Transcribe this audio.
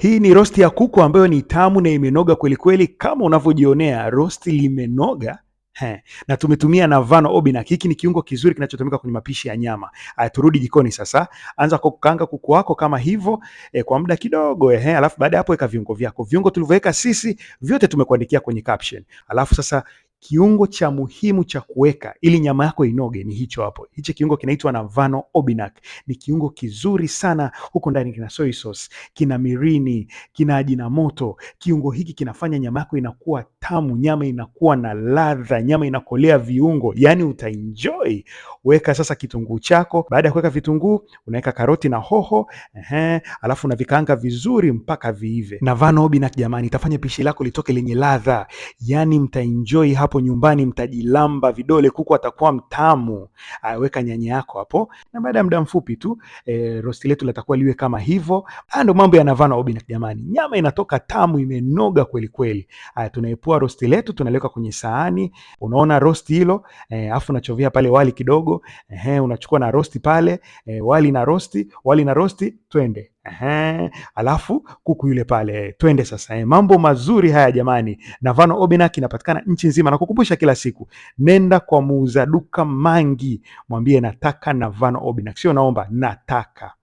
Hii ni rosti ya kuku ambayo ni tamu na imenoga kwelikweli, kama unavyojionea rosti limenoga. He. Na tumetumia Navano Obina. Hiki ni kiungo kizuri kinachotumika kwenye mapishi ya nyama. aya turudi jikoni sasa. Anza kwa kukaanga kuku wako kama hivyo e, kwa muda kidogo eh, alafu baada hapo weka viungo vyako. Viungo tulivyoweka sisi vyote tumekuandikia kwenye caption. Alafu sasa kiungo cha muhimu cha kuweka ili nyama yako inoge ni hicho hapo. Hichi kiungo kinaitwa Navano Obinak, ni kiungo kizuri sana. Huko ndani kina soy sauce, kina mirini, kina ajina moto. Kiungo hiki kinafanya nyama yako inakuwa tamu, nyama inakuwa na ladha, nyama inakolea viungo, yani utaenjoy. Weka sasa kitunguu chako. Baada ya kuweka vitunguu, unaweka karoti na hoho ehe, alafu unavikaanga vizuri mpaka viive. Na vanobi na jamani, itafanya pishi lako litoke lenye ladha, yani mtaenjoy hapo nyumbani, mtajilamba vidole, kuku atakuwa mtamu. Aweka nyanya yako hapo, na baada ya muda mfupi tu e, rosti letu litakuwa liwe kama hivyo. Ndio mambo ya na vanobi na jamani, nyama inatoka tamu, imenoga kweli kweli. Haya, Tunaepua rosti letu tunaliweka kwenye sahani, unaona rosti hilo eh, afu unachovia pale wali kidogo eh, unachukua na rosti pale eh, wali na rosti, wali na rosti, twende Aha, alafu kuku yule pale, twende sasa. Eh, mambo mazuri haya jamani. Na Vano inapatikana nchi nzima, na kukumbusha kila siku, nenda kwa muuza duka mangi, mwambie nataka na Vano sio naomba, nataka